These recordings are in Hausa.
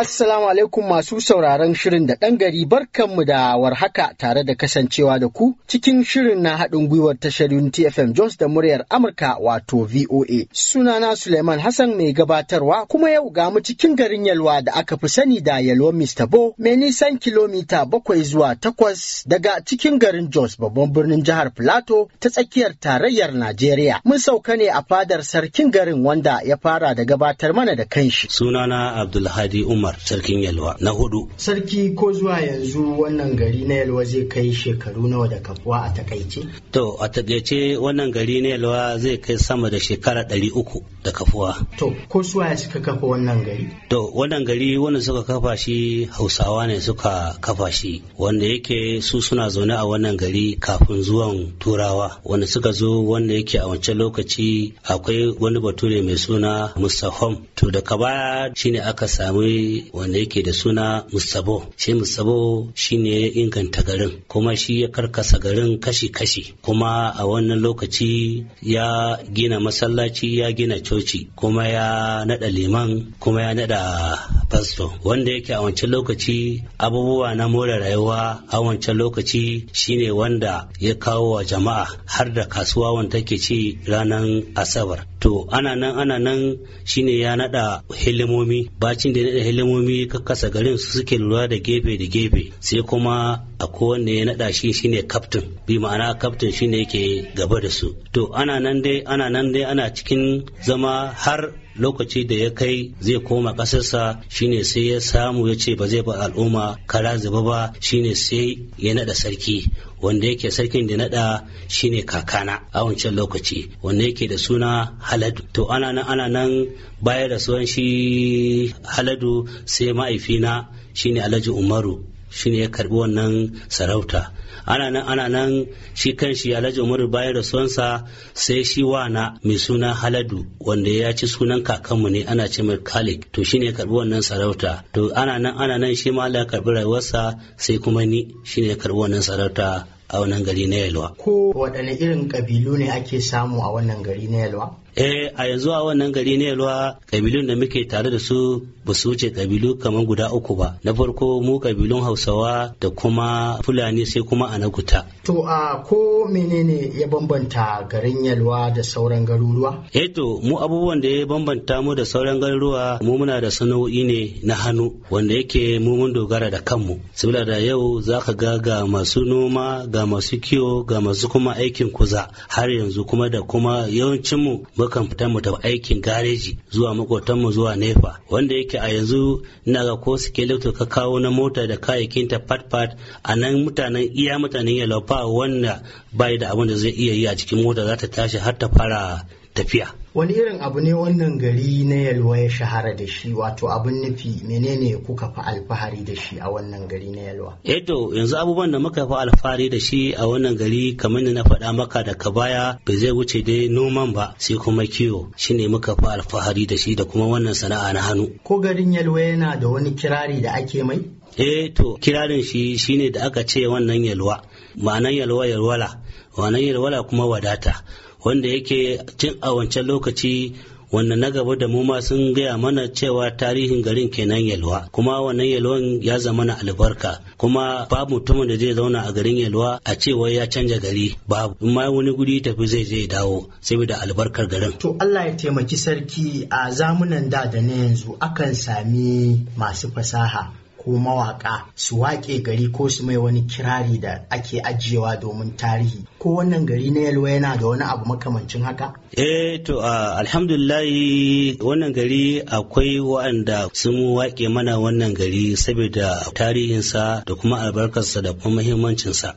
Assalamu alaikum masu sauraron shirin da ɗan gari barkanmu da warhaka tare da kasancewa da ku cikin shirin na haɗin gwiwar tashar TFM Jones da muryar Amurka wato VOA. Sunana Suleiman Hassan mai gabatarwa kuma yau ga mu cikin garin Yalwa da aka fi sani da Yalwa Mr. Bo mai nisan kilomita bakwai zuwa takwas daga cikin garin Jos babban birnin jihar Filato ta tsakiyar tarayyar Najeriya. Mun sauka ne a fadar sarkin garin wanda ya fara da gabatar mana da kanshi. Sunana Abdulhadi Umar Umar sarkin Yalwa na hudu. Sarki ko zuwa yanzu wannan gari na Yalwa zai kai shekaru nawa da kafuwa a takaice? To a takaice wannan gari na Yalwa zai kai sama da shekara ɗari uku da kafuwa. To ko zuwa ya suka kafa wannan gari? To wannan gari wanda suka kafa shi Hausawa ne suka kafa shi wanda yake su suna zaune a wannan gari kafin zuwan Turawa wanda suka zo wanda yake a wancan lokaci akwai wani bature mai suna Mustafam to daga baya shine aka sami wanda yake da suna musabo Shi musabo shi ya inganta garin kuma shi ya karkasa garin kashi-kashi kuma a wannan lokaci ya gina masallaci ya gina coci kuma ya nada liman kuma ya nada fasto wanda yake a wancan lokaci abubuwa na more rayuwa a wancan lokaci shine wanda ya kawo wa jama'a har da kasuwa wanda take ci ranar asabar to ana nan ana nan shine ya nada helimomi bacin da ya nada helimomi kasa garin su suke lura da gefe da gefe sai kuma a wanda ya nada shi shine kaftin bi ma'ana kaftin shine yake gaba da su to ana nan dai ana nan dai ana cikin zama har lokaci da ya kai zai koma ƙasarsa shine sai ya samu ya ce ba zai ba al'umma kara zuba ba shine sai ya nada sarki wanda yake sarkin da naɗa shine kakana a wancan lokaci wanda yake da suna haladu to ana nan ana nan da suwan shi haladu sai ma'aifina shine alhaji umaru ne ya karbi wannan sarauta ana nan ana nan shi kan shi alhaji umaru bayan rasuwansa sai shi na mai suna haladu wanda ya ci sunan kakanmu ne ana ce mai kalik to ne ya karbi wannan sarauta to ana nan ana nan shi ma Allah karbi rayuwarsa sai kuma ni ne ya karbi wannan sarauta a wannan gari na yalwa ko waɗanne irin kabilu ne ake samu a wannan gari na yalwa eh a yanzu a wannan gari ne ruwa kabilun da muke tare da su ba su wuce kabilu kamar guda uku ba na farko mu kabilun hausawa da kuma fulani sai kuma naguta to a ko menene ya bambanta garin yalwa da sauran garuruwa eh to mu abubuwan da ya bambanta mu da sauran garuruwa mu muna da sana'o'i ne na hannu wanda yake mu mun dogara da kanmu saboda da yau zaka ga ga masu noma ga masu kiwo ga masu kuma aikin kuza har yanzu kuma da kuma yawancin mu ɗaukan fitar mu ta aikin gareji zuwa makotan mu zuwa nefa wanda yake a yanzu ina ga ko skeleto ka kawo na mota da kayayyakin ta fat a nan mutanen iya mutanen yalofa wanda bai da abin da zai iya yi a cikin mota za ta tashi har ta fara tafiya wani irin abu ne wannan gari na yalwa ya shahara da shi wato abun nufi menene kuka fi alfahari da shi a wannan gari na yalwa Eto, eh yanzu abubuwan da muka fi alfahari da shi a wannan gari kamar na faɗa maka daga baya bai zai wuce dai noman ba sai kuma kiwo shine muka fi alfahari da shi da kuma wannan sana'a na hannu ko garin yalwa yana da wani kirari da ake mai Eto, eh kirarin shi shine da aka ce wannan yalwa ma'anan yalwa yalwala ma'anan yalwala kuma wadata wanda yake cin a wancan lokaci wanda na gaba da mu ma sun gaya mana cewa tarihin garin kenan yalwa kuma wannan yalwan ya zama na albarka kuma babu mutumin da zai zauna a garin yalwa a cewa ya canja gari babu in ma wani guri tafi zai zai dawo saboda albarkar garin to Allah ya taimaki sarki a zamunan da da na yanzu akan sami masu fasaha ko mawaƙa su waƙe gari ko su mai wani kirari da ake ajiyewa domin tarihi ko wannan gari na yalwa yana da wani abu makamancin haka? eh to alhamdulillahi wannan gari akwai wa'anda sun waƙe mana wannan gari saboda tarihinsa da kuma albarkarsa da kuma muhimmancinsa.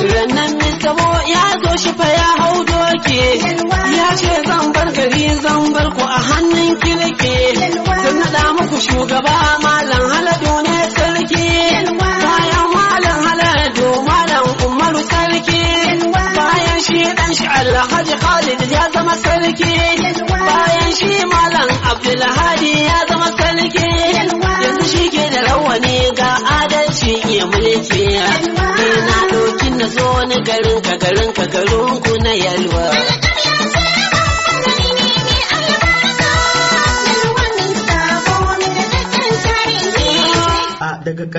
Rannan kamo ya zo shi fa ya hau doke ya ce zan bar gari zan bar ku a hannun kirke sun naɗa muku shugaba malam zama sarki bayan shi malam abdulhadi ya zama sarki yanzu shi ke da rawani ga adalci ya mulki na dokin na zo wani garin ka garin ka garin ku na yalwa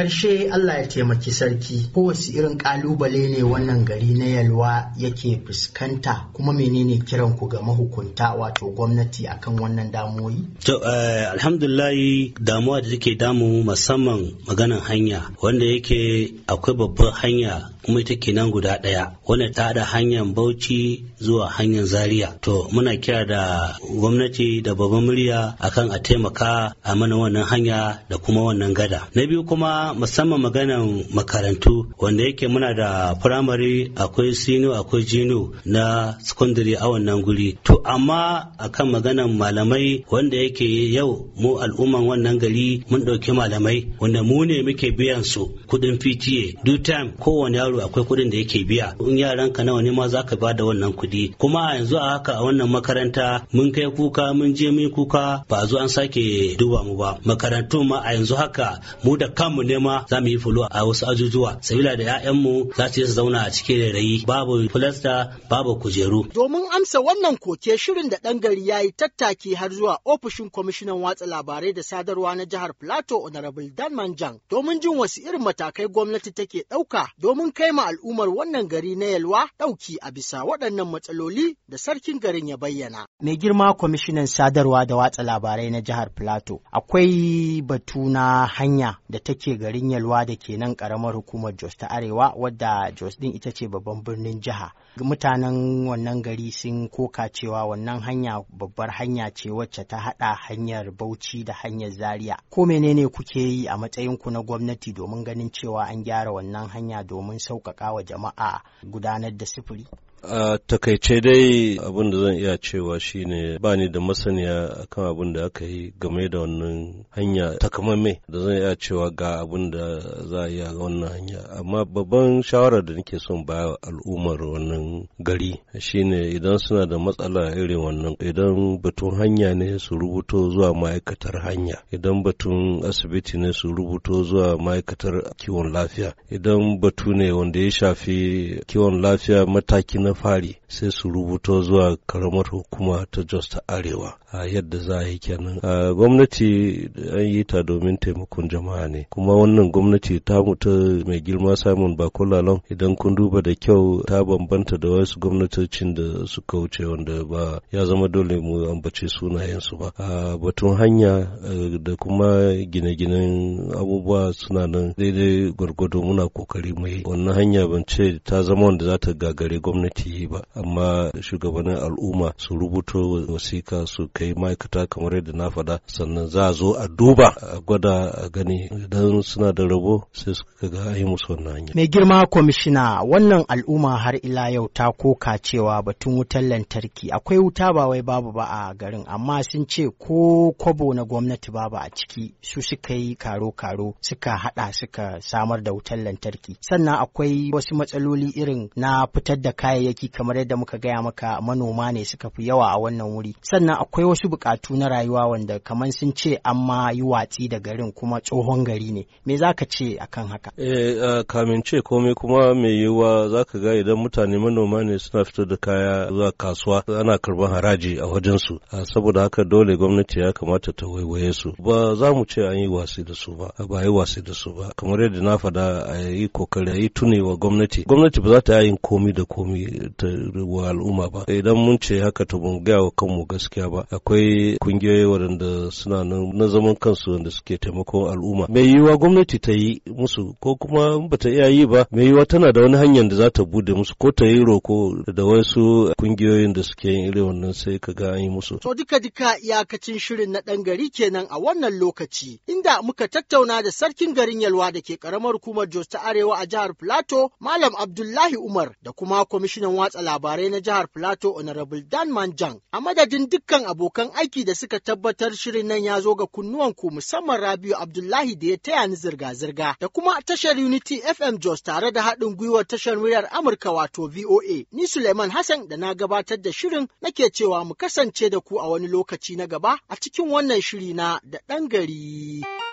Karshe, Allah ya taimaki sarki kowace irin ƙalubale ne wannan gari na yalwa yake fuskanta kuma menene kiran ku ga mahukunta wato gwamnati akan wannan damuwoyi? To eh, alhamdulillahi damuwa da take damu musamman maganan hanya wanda yake akwai babbar hanya kuma ita kenan guda ɗaya wanda ta da hanyar bauchi zuwa hanyar zaria to muna kira da gwamnati da babban murya akan a taimaka a mana wannan hanya da kuma wannan gada na biyu kuma musamman maganan makarantu wanda yake muna da firamare akwai sino akwai jino na secondary a wannan guri to amma akan maganan malamai wanda yake yau mu al'umman wannan gari mun ɗauki malamai wanda mu ne muke biyan su kuɗin pta duk time kowane yaro yaro akwai kuɗin da yake biya in yaran ka nawa ne ma za ka bada wannan kuɗi kuma a yanzu a haka a wannan makaranta mun kai kuka mun je mun kuka ba a zo an sake duba mu ba makarantu ma a yanzu haka mu da kanmu ne ma za mu yi fulo a wasu ajujuwa sabila da 'ya'yanmu za su zauna a cikin rairayi babu fulasta babu kujeru. Domin amsa wannan koke shirin da ɗan gari ya tattaki har zuwa ofishin kwamishinan watsa labarai da sadarwa na jihar Plateau Honorable Dan Manjang domin jin wasu irin matakai gwamnati take ɗauka domin kai ma al'ummar wannan gari na Yalwa ɗauki a bisa waɗannan matsaloli da sarkin garin ya bayyana. Mai girma kwamishinan sadarwa da watsa labarai na jihar Plateau akwai batu na hanya da take garin Yalwa da ke nan ƙaramar hukumar Jos ta Arewa wadda Jos ɗin ita ce babban birnin jiha. Mutanen wannan gari sun koka cewa wannan hanya babbar hanya ce wacce ta haɗa hanyar Bauchi da hanyar Zaria. Ko menene kuke yi a matsayinku na gwamnati domin ganin cewa an gyara wannan hanya domin sauƙaƙa wa jama'a gudanar da sufuri A takaice dai abin da zan iya cewa shine bani da masaniya kan abin da aka yi game da wannan hanya takamaimai da zan iya cewa ga abin da za a yi a wannan hanya. Amma babban shawara da nake son ba al'ummar wannan gari shine idan suna da matsala irin wannan idan batun hanya ne su rubuto zuwa ma'aikatar hanya idan batun asibiti ne su rubuto zuwa ma'aikatar kiwon lafiya idan batu ne wanda ya shafi kiwon lafiya matakin na fari sai su rubuto zuwa karamar hukuma ta jos ta arewa a yadda za a yi kenan gwamnati an yi ta domin taimakon jama'a ne kuma wannan gwamnati ta mutu mai girma simon bakolalon idan kun duba da kyau ta bambanta da wasu gwamnatocin da suka wuce wanda ba ya zama dole mu ambace sunayensu ba a batun hanya eh, da kuma gine-ginen abubuwa suna nan daidai gwargwado muna kokari mai wannan hanya ban ce ta zama wanda za ta gagare gwamnati ta yi ba amma shugabannin al'umma su rubuto wasika su kai ma'aikata kamar yadda na faɗa sannan za a zo a duba a gwada a gani idan suna da rabo sai suka ga yi musu wannan Mai girma kwamishina wannan al'umma har ila yau ta koka cewa batun wutar lantarki akwai wuta ba wai babu ba a garin amma sun ce ko kwabo na gwamnati babu a ciki su suka yi karo-karo suka haɗa suka samar da wutar lantarki sannan akwai wasu matsaloli irin na fitar da kayayyaki kayayyaki kamar yadda muka gaya maka manoma ne suka fi yawa a wannan wuri sannan akwai wasu bukatu na rayuwa wanda kamar sun ce an ma yi watsi da garin kuma tsohon gari ne me za ka ce a kan haka eh kamin ce komai kuma mai yiwuwa za ka ga idan mutane manoma ne suna fito da kaya zuwa kasuwa ana karban haraji a wajensu saboda haka dole gwamnati ya kamata ta waiwaye su ba za mu ce an yi wasi da su ba ba yi wasi da su ba kamar yadda na faɗa a yi kokari a yi tunewa gwamnati gwamnati ba za ta yi komi da komi wa al'umma ba idan mun ce haka to mun gaya wa kanmu gaskiya ba akwai kungiyoyi waɗanda suna na zaman kansu wanda suke taimakon al'umma mai yiwuwa gwamnati ta yi musu ko kuma ba ta iya yi ba mai yiwuwa tana da wani hanyar da za ta bude musu ko ta yi roko da wasu kungiyoyin da suke yin irin wannan sai ka ga an yi musu to duka duka iyakacin shirin na ɗan gari kenan a wannan lokaci inda muka tattauna da sarkin garin Yalwa da ke karamar hukumar Jos ta Arewa a jihar Plateau Malam Abdullahi Umar da kuma kwamishinan kwamishinan watsa labarai na jihar Filato Honorable Dan manjang a madadin dukkan abokan aiki da suka tabbatar shirin nan ya zo ga kunnuwan ku musamman Rabiu Abdullahi da ya taya ni zirga-zirga da kuma tashar Unity FM Jos tare da haɗin gwiwar tashar muryar Amurka wato VOA. Ni Suleiman Hassan da na gabatar da shirin nake cewa mu kasance da ku a wani lokaci na gaba a cikin wannan shiri na da ɗan gari.